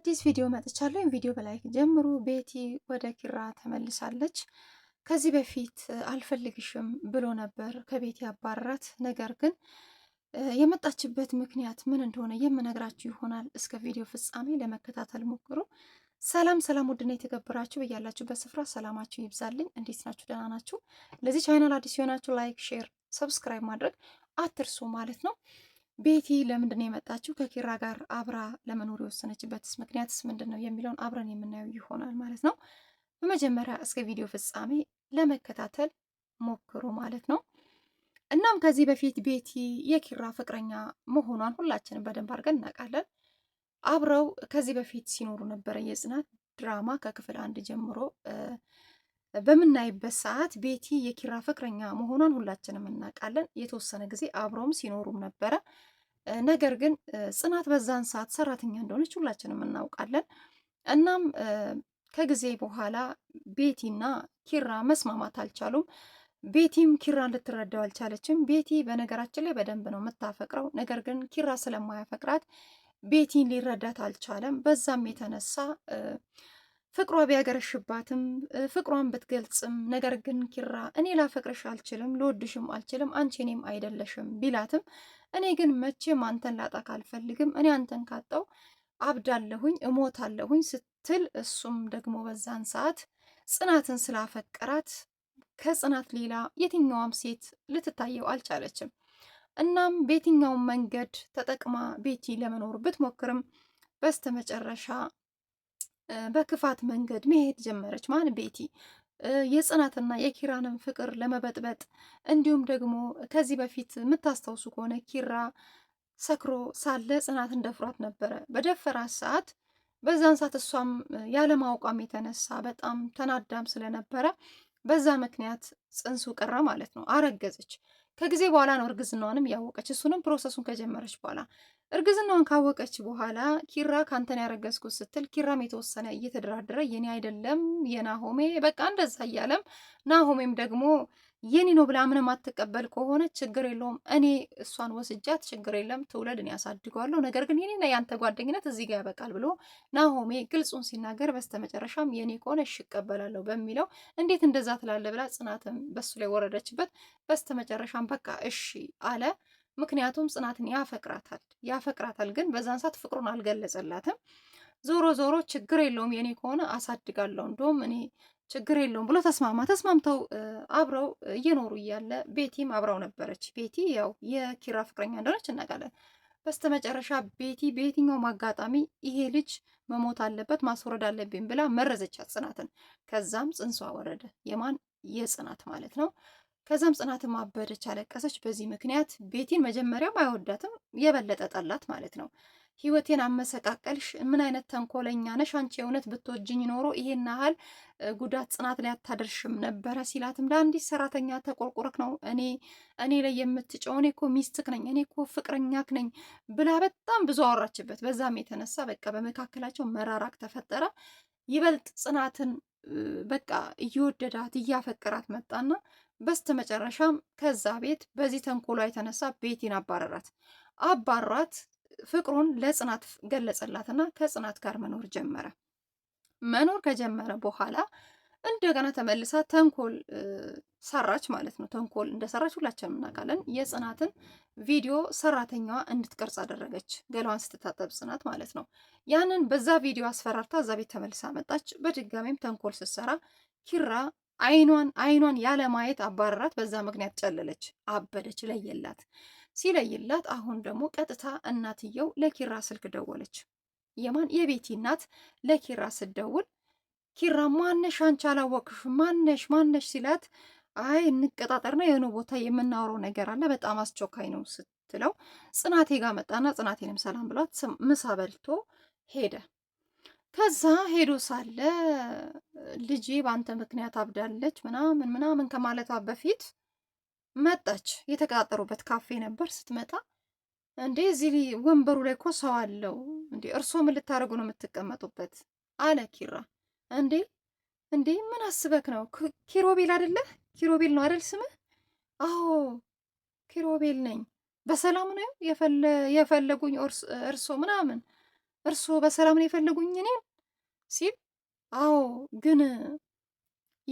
አዲስ ቪዲዮ መጥቻለሁ። ቪዲዮ በላይክ ጀምሩ። ቤቲ ወደ ኪራ ተመልሳለች። ከዚህ በፊት አልፈልግሽም ብሎ ነበር ከቤት ያባረራት። ነገር ግን የመጣችበት ምክንያት ምን እንደሆነ የምነግራችሁ ይሆናል። እስከ ቪዲዮ ፍጻሜ ለመከታተል ሞክሩ። ሰላም ሰላም፣ ውድና የተከበራችሁ በያላችሁበት ስፍራ ሰላማችሁ ይብዛልኝ። እንዴት ናችሁ? ደህና ናችሁ? ለዚህ ቻናል አዲስ የሆናችሁ ላይክ፣ ሼር፣ ሰብስክራይብ ማድረግ አትርሱ ማለት ነው። ቤቲ ለምንድን ነው የመጣችው? ከኪራ ጋር አብራ ለመኖር የወሰነችበትስ ምክንያትስ ምንድን ነው የሚለውን አብረን የምናየው ይሆናል ማለት ነው። በመጀመሪያ እስከ ቪዲዮ ፍጻሜ ለመከታተል ሞክሩ ማለት ነው። እናም ከዚህ በፊት ቤቲ የኪራ ፍቅረኛ መሆኗን ሁላችንም በደንብ አድርገን እናውቃለን። አብረው ከዚህ በፊት ሲኖሩ ነበረ የጽናት ድራማ ከክፍል አንድ ጀምሮ በምናይበት ሰዓት ቤቲ የኪራ ፍቅረኛ መሆኗን ሁላችንም እናውቃለን። የተወሰነ ጊዜ አብረውም ሲኖሩም ነበረ። ነገር ግን ጽናት በዛን ሰዓት ሰራተኛ እንደሆነች ሁላችንም እናውቃለን። እናም ከጊዜ በኋላ ቤቲና ኪራ መስማማት አልቻሉም። ቤቲም ኪራን ልትረዳው አልቻለችም። ቤቲ በነገራችን ላይ በደንብ ነው የምታፈቅረው። ነገር ግን ኪራ ስለማያፈቅራት ቤቲን ሊረዳት አልቻለም። በዛም የተነሳ ፍቅሯ ቢያገረሽባትም ፍቅሯን ብትገልጽም ነገር ግን ኪራ እኔ ላፈቅርሽ አልችልም፣ ልወድሽም አልችልም፣ አንቺ እኔም አይደለሽም ቢላትም እኔ ግን መቼም አንተን ላጣክ አልፈልግም፣ እኔ አንተን ካጣው አብዳለሁኝ፣ እሞታለሁኝ ስትል እሱም ደግሞ በዛን ሰዓት ጽናትን ስላፈቀራት ከጽናት ሌላ የትኛዋም ሴት ልትታየው አልቻለችም። እናም በየትኛውም መንገድ ተጠቅማ ቤቲ ለመኖር ብትሞክርም በስተመጨረሻ በክፋት መንገድ መሄድ ጀመረች። ማን ቤቲ የጽናትና የኪራንን ፍቅር ለመበጥበጥ እንዲሁም ደግሞ ከዚህ በፊት የምታስታውሱ ከሆነ ኪራ ሰክሮ ሳለ ጽናት እንደፍሯት ነበረ። በደፈራት ሰዓት በዛን ሰዓት እሷም ያለማውቋም የተነሳ በጣም ተናዳም ስለነበረ በዛ ምክንያት ጽንሱ ቀረ ማለት ነው፣ አረገዘች። ከጊዜ በኋላ ነው እርግዝናዋንም ያወቀች እሱንም ፕሮሰሱን ከጀመረች በኋላ እርግዝናዋን ካወቀች በኋላ ኪራ ካንተን ያረገዝኩት ስትል ኪራም የተወሰነ እየተደራደረ የኔ አይደለም የናሆሜ በቃ እንደዛ እያለም ናሆሜም ደግሞ የኔ ነው ብላ ምንም አትቀበል ከሆነ ችግር የለውም። እኔ እሷን ወስጃት ችግር የለም ትውለድ፣ እኔ ያሳድገዋለሁ። ነገር ግን የኔና ያንተ ጓደኝነት እዚህ ጋር ያበቃል ብሎ ናሆሜ ግልጹን ሲናገር በስተመጨረሻም የኔ ከሆነ እሽ እቀበላለሁ በሚለው እንዴት እንደዛ ትላለ ብላ ጽናትም በሱ ላይ ወረደችበት። በስተመጨረሻም በቃ እሺ አለ። ምክንያቱም ጽናትን ያፈቅራታል ያፈቅራታል፣ ግን በዛን ሰዓት ፍቅሩን አልገለጸላትም። ዞሮ ዞሮ ችግር የለውም የኔ ከሆነ አሳድጋለሁ፣ እንደውም እኔ ችግር የለውም ብሎ ተስማማ። ተስማምተው አብረው እየኖሩ እያለ ቤቲም አብረው ነበረች። ቤቲ ያው የኪራ ፍቅረኛ እንደሆነች እናውቃለን። በስተመጨረሻ ቤቲ በየትኛውም አጋጣሚ ይሄ ልጅ መሞት አለበት ማስወረድ አለብኝ ብላ መረዘቻት ጽናትን። ከዛም ጽንሷ ወረደ። የማን የጽናት ማለት ነው። ከዛም ጽናትም አበደች፣ አለቀሰች። በዚህ ምክንያት ቤቲን መጀመሪያም አይወዳትም፣ የበለጠ ጠላት ማለት ነው። ህይወቴን አመሰቃቀልሽ። ምን አይነት ተንኮለኛ ነሽ አንቺ! የእውነት ብትወጅኝ ኖሮ ይሄን ያህል ጉዳት ጽናት ላይ አታደርሽም ነበረ ሲላትም ለአንዲት ሰራተኛ ተቆርቁረክ ነው እኔ እኔ ላይ የምትጨው እኔ እኮ ሚስትክ ነኝ እኔ እኮ ፍቅረኛክ ነኝ ብላ በጣም ብዙ አወራችበት። በዛም የተነሳ በቃ በመካከላቸው መራራቅ ተፈጠረ። ይበልጥ ጽናትን በቃ እየወደዳት እያፈቅራት መጣና በስተ መጨረሻም ከዛ ቤት በዚህ ተንኮሏ የተነሳ ቤቲን አባረራት። አባሯት ፍቅሩን ለጽናት ገለጸላትና ከጽናት ጋር መኖር ጀመረ። መኖር ከጀመረ በኋላ እንደገና ተመልሳ ተንኮል ሰራች ማለት ነው። ተንኮል እንደሰራች ሁላችንም እናውቃለን። የጽናትን ቪዲዮ ሰራተኛዋ እንድትቀርጽ አደረገች። ገላዋን ስትታጠብ ጽናት ማለት ነው። ያንን በዛ ቪዲዮ አስፈራርታ እዛ ቤት ተመልሳ መጣች። በድጋሚም ተንኮል ስትሰራ ኪራ አይኗን አይኗን ያለማየት አባረራት። በዛ ምክንያት ጨለለች፣ አበደች፣ ለየላት። ሲለይላት አሁን ደግሞ ቀጥታ እናትየው ለኪራ ስልክ ደወለች። የማን የቤቲ እናት ለኪራ ስደውል፣ ኪራ ማነሽ አንቺ አላወቅሽ ማነሽ ማነሽ ሲላት አይ እንቀጣጠርና የሆነ ቦታ የምናወራው ነገር አለ በጣም አስቸኳይ ነው ስትለው ጽናቴ ጋር መጣና ጽናቴንም ሰላም ብሏት ምሳ በልቶ ሄደ። ከዛ ሄዶ ሳለ ልጄ በአንተ ምክንያት አብዳለች ምናምን ምናምን ከማለቷ በፊት መጣች። የተቀጣጠሩበት ካፌ ነበር። ስትመጣ እንዴ እዚህ ወንበሩ ላይ እኮ ሰው አለው እንዴ እርሶ ምን ልታደርጉ ነው የምትቀመጡበት? አለ ኪራ። እንዴ እንዴ ምን አስበክ ነው? ኪሮቤል አደለ? ኪሮቤል ነው አደል ስምህ? አዎ ኪሮቤል ነኝ። በሰላም ነው የፈለጉኝ እርሶ ምናምን እርሶ በሰላም ነው የፈለጉኝ እኔን ሲል አዎ ግን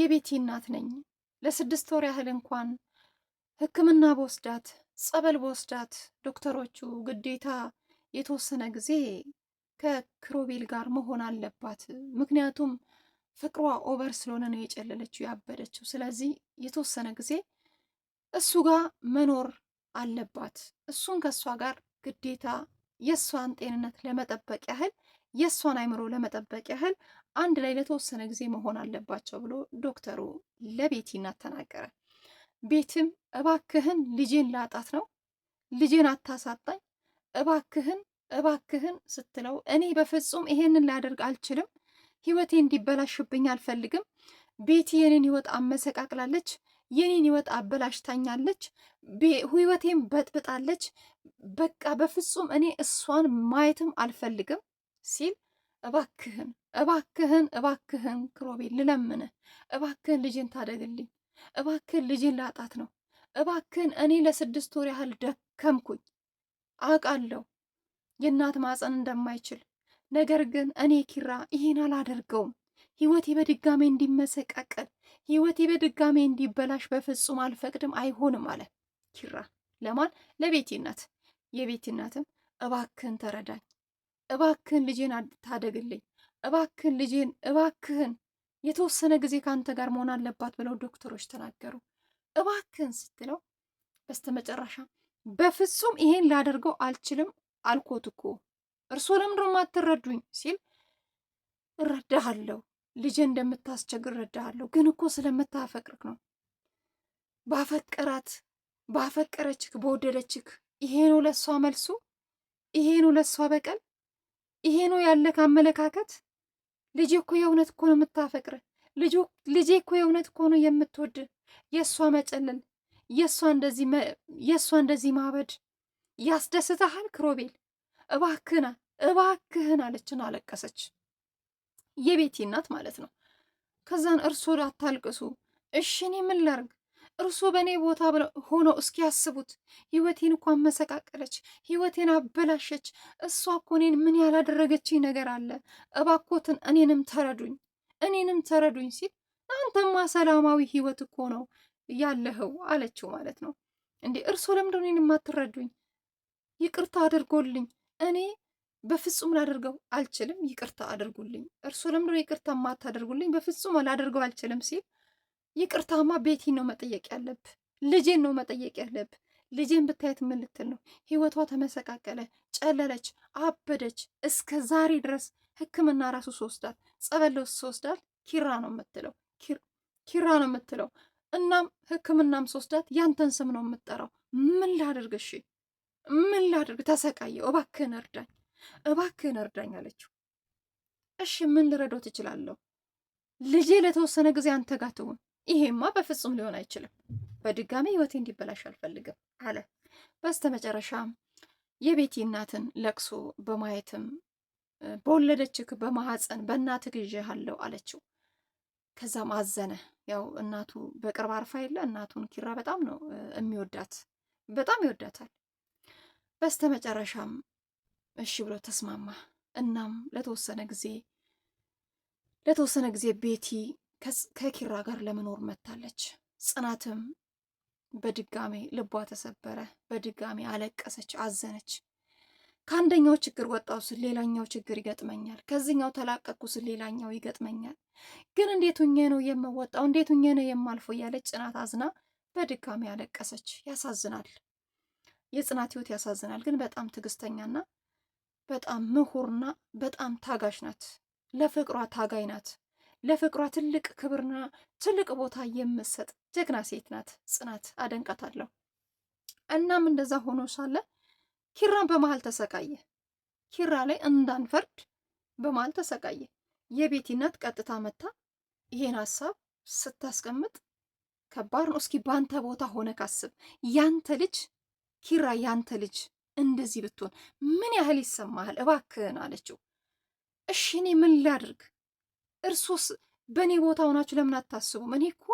የቤቲ እናት ነኝ ለስድስት ወር ያህል እንኳን ህክምና በወስዳት ጸበል በወስዳት ዶክተሮቹ ግዴታ የተወሰነ ጊዜ ከክሮቤል ጋር መሆን አለባት። ምክንያቱም ፍቅሯ ኦቨር ስለሆነ ነው የጨለለችው ያበደችው። ስለዚህ የተወሰነ ጊዜ እሱ ጋር መኖር አለባት። እሱን ከእሷ ጋር ግዴታ የእሷን ጤንነት ለመጠበቅ ያህል የእሷን አይምሮ ለመጠበቅ ያህል አንድ ላይ ለተወሰነ ጊዜ መሆን አለባቸው ብሎ ዶክተሩ ለቤቲ እናት ተናገረ። ቤትም እባክህን ልጄን ላጣት ነው፣ ልጄን አታሳጣኝ፣ እባክህን እባክህን ስትለው እኔ በፍጹም ይሄንን ላደርግ አልችልም፣ ህይወቴ እንዲበላሽብኝ አልፈልግም። ቤቲ የኔን ህይወት አመሰቃቅላለች፣ የኔን ህይወት አበላሽታኛለች፣ ህይወቴን በጥብጣለች። በቃ በፍጹም እኔ እሷን ማየትም አልፈልግም ሲል እባክህን እባክህን እባክህን ክሮቤ ልለምንህ፣ እባክህን ልጄን ታደግልኝ እባክን ልጄን ላጣት ነው። እባክን እኔ ለስድስት ወር ያህል ደከምኩኝ። አውቃለሁ የእናት ማፀን እንደማይችል ነገር ግን እኔ ኪራ ይሄን አላደርገውም። ህይወቴ በድጋሜ እንዲመሰቃቀል፣ ህይወቴ በድጋሜ እንዲበላሽ በፍጹም አልፈቅድም፣ አይሆንም አለ ኪራ። ለማን ለቤቲ እናት። የቤቲ እናትም እባክህን ተረዳኝ፣ እባክህን ልጄን ታደግልኝ፣ እባክህን ልጄን እባክህን የተወሰነ ጊዜ ከአንተ ጋር መሆን አለባት ብለው ዶክተሮች ተናገሩ እባክን ስትለው በስተመጨረሻ በፍጹም ይሄን ላደርገው አልችልም አልኮት እኮ እርሶ ለምንድን አትረዱኝ ሲል እረዳሃለሁ ልጄ እንደምታስቸግር እረዳሃለሁ ግን እኮ ስለምታፈቅርክ ነው ባፈቀራት ባፈቀረችክ በወደደችክ ይሄ ነው ለእሷ መልሱ ይሄ ነው ለእሷ በቀል ይሄ ነው ያለክ አመለካከት ልጄ እኮ የእውነት እኮ ነው የምታፈቅር ልጄ እኮ የእውነት እኮ ነው የምትወድ። የእሷ መጨነን፣ የእሷ እንደዚህ ማበድ ያስደስትሃል ክሮቤል? እባክህና እባክህን አለችን፣ አለቀሰች። የቤቲ እናት ማለት ነው። ከዛን እርሶ አታልቅሱ እሺ፣ እኔ ምን ላርግ እርሶ በእኔ ቦታ ሆኖ እስኪያስቡት ህይወቴን እኮ አመሰቃቀለች፣ ህይወቴን አበላሸች። እሷ እኮ እኔን ምን ያላደረገችኝ ነገር አለ? እባኮትን እኔንም ተረዱኝ፣ እኔንም ተረዱኝ ሲል አንተማ ሰላማዊ ህይወት እኮ ነው ያለኸው አለችው ማለት ነው። እንዴ እርሶ ለምንድን እኔን የማትረዱኝ? ይቅርታ አድርጎልኝ እኔ በፍጹም ላደርገው አልችልም። ይቅርታ አድርጉልኝ። እርሶ ለምንድን ነው ይቅርታ የማታደርጉልኝ? በፍጹም ላደርገው አልችልም ሲል ይቅርታማ ቤቲ ነው መጠየቅ ያለብ፣ ልጄን ነው መጠየቅ ያለብ። ልጄን ብታየት ምን ልትል ነው? ህይወቷ ተመሰቃቀለ፣ ጨለለች፣ አበደች። እስከ ዛሬ ድረስ ህክምና ራሱ ሶስዳል፣ ጸበለው ሶስዳል። ኪራ ነው የምትለው ኪራ ነው የምትለው። እናም ህክምናም ሶስዳት ያንተን ስም ነው የምጠራው። ምን ላድርግ? እሺ ምን ላድርግ? ተሰቃየ። እባክህን እርዳኝ፣ እባክህን እርዳኝ አለችው። እሺ ምን ልረዳው ትችላለሁ? ልጄ ለተወሰነ ጊዜ አንተ ጋር ትሁን ይሄማ በፍጹም ሊሆን አይችልም፣ በድጋሚ ህይወቴ እንዲበላሽ አልፈልግም አለ። በስተመጨረሻም የቤቲ እናትን ለቅሶ በማየትም በወለደችክ በማህፀን ግዥ አለው አለችው። ከዛም አዘነ። ያው እናቱ በቅርብ አርፋ የለ እናቱን ኪራ በጣም ነው የሚወዳት፣ በጣም ይወዳታል። በስተመጨረሻም እሺ ብሎ ተስማማ። እናም ለተወሰነ ጊዜ ለተወሰነ ጊዜ ቤቲ ከኪራ ጋር ለመኖር መታለች። ጽናትም በድጋሜ ልቧ ተሰበረ። በድጋሜ አለቀሰች፣ አዘነች። ከአንደኛው ችግር ወጣው ስል ሌላኛው ችግር ይገጥመኛል። ከዚህኛው ተላቀቅኩ ስል ሌላኛው ይገጥመኛል። ግን እንዴት ሁኜ ነው የምወጣው? እንዴት ሁኜ ነው የማልፎ? እያለች ጽናት አዝና በድጋሚ አለቀሰች። ያሳዝናል። የጽናት ህይወት ያሳዝናል። ግን በጣም ትዕግስተኛና በጣም ምሁርና በጣም ታጋሽ ናት። ለፍቅሯ ታጋይ ናት። ለፍቅሯ ትልቅ ክብርና ትልቅ ቦታ የምትሰጥ ጀግና ሴት ናት። ጽናት አደንቃታለሁ። እናም እንደዛ ሆኖ ሳለ ኪራን በመሀል ተሰቃየ። ኪራ ላይ እንዳንፈርድ በመሀል ተሰቃየ። የቤቲ እናት ቀጥታ መታ ይሄን ሀሳብ ስታስቀምጥ ከባድ ነው። እስኪ ባንተ ቦታ ሆነ ካስብ ያንተ ልጅ ኪራ ያንተ ልጅ እንደዚህ ብትሆን ምን ያህል ይሰማሃል? እባክህን አለችው። እሺ እኔ ምን ላድርግ እርሶስ በእኔ ቦታ ሆናችሁ ለምን አታስቡም? እኔ እኮ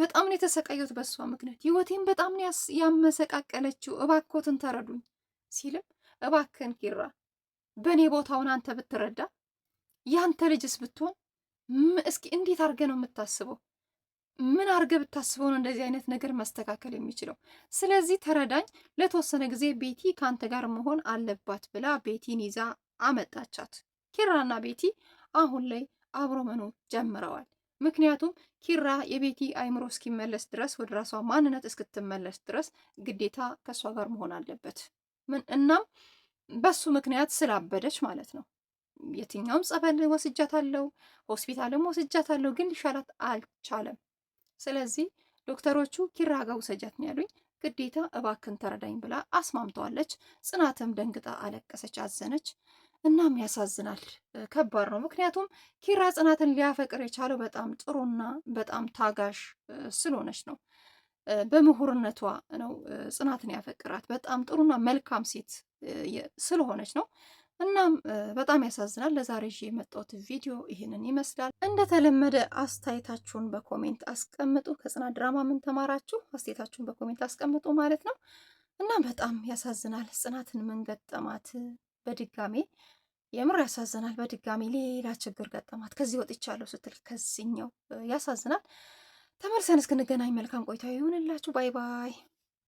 በጣም ነው የተሰቃየሁት በእሷ ምክንያት፣ ህይወቴም በጣም ነው ያመሰቃቀለችው። እባኮትን ተረዱኝ ሲልም እባክን ኪራ በእኔ ቦታውን አንተ ብትረዳ ያንተ ልጅስ ብትሆን እስኪ እንዴት አድርገ ነው የምታስበው? ምን አድርገ ብታስበው ነው እንደዚህ አይነት ነገር መስተካከል የሚችለው? ስለዚህ ተረዳኝ፣ ለተወሰነ ጊዜ ቤቲ ከአንተ ጋር መሆን አለባት ብላ ቤቲን ይዛ አመጣቻት። ኪራና ቤቲ አሁን ላይ አብሮ መኖር ጀምረዋል። ምክንያቱም ኪራ የቤቲ አይምሮ እስኪመለስ ድረስ ወደ ራሷ ማንነት እስክትመለስ ድረስ ግዴታ ከእሷ ጋር መሆን አለበት። ምን እናም በሱ ምክንያት ስላበደች ማለት ነው። የትኛውም ጸበል ወስጃታለሁ፣ ሆስፒታልም ወስጃታለሁ፣ ግን ሊሻላት አልቻለም። ስለዚህ ዶክተሮቹ ኪራ ጋር ውሰጃት ያሉኝ፣ ግዴታ እባክን ተረዳኝ ብላ አስማምተዋለች። ጽናትም ደንግጣ አለቀሰች፣ አዘነች። እናም ያሳዝናል፣ ከባድ ነው። ምክንያቱም ኪራ ጽናትን ሊያፈቅር የቻለው በጣም ጥሩና በጣም ታጋሽ ስለሆነች ነው። በምሁርነቷ ነው ጽናትን ያፈቅራት። በጣም ጥሩና መልካም ሴት ስለሆነች ነው። እናም በጣም ያሳዝናል። ለዛሬ ይዤ የመጣሁት ቪዲዮ ይህንን ይመስላል። እንደተለመደ አስተያየታችሁን በኮሜንት አስቀምጡ። ከጽናት ድራማ ምን ተማራችሁ? አስተያየታችሁን በኮሜንት አስቀምጡ ማለት ነው። እናም በጣም ያሳዝናል። ጽናትን ምን ገጠማት? በድጋሜ የምር ያሳዝናል። በድጋሚ ሌላ ችግር ገጠማት። ከዚህ ወጥቻለሁ ስትል ከዚኛው ያሳዝናል። ተመልሰን እስክንገናኝ መልካም ቆይታ ይሁንላችሁ። ባይ ባይ።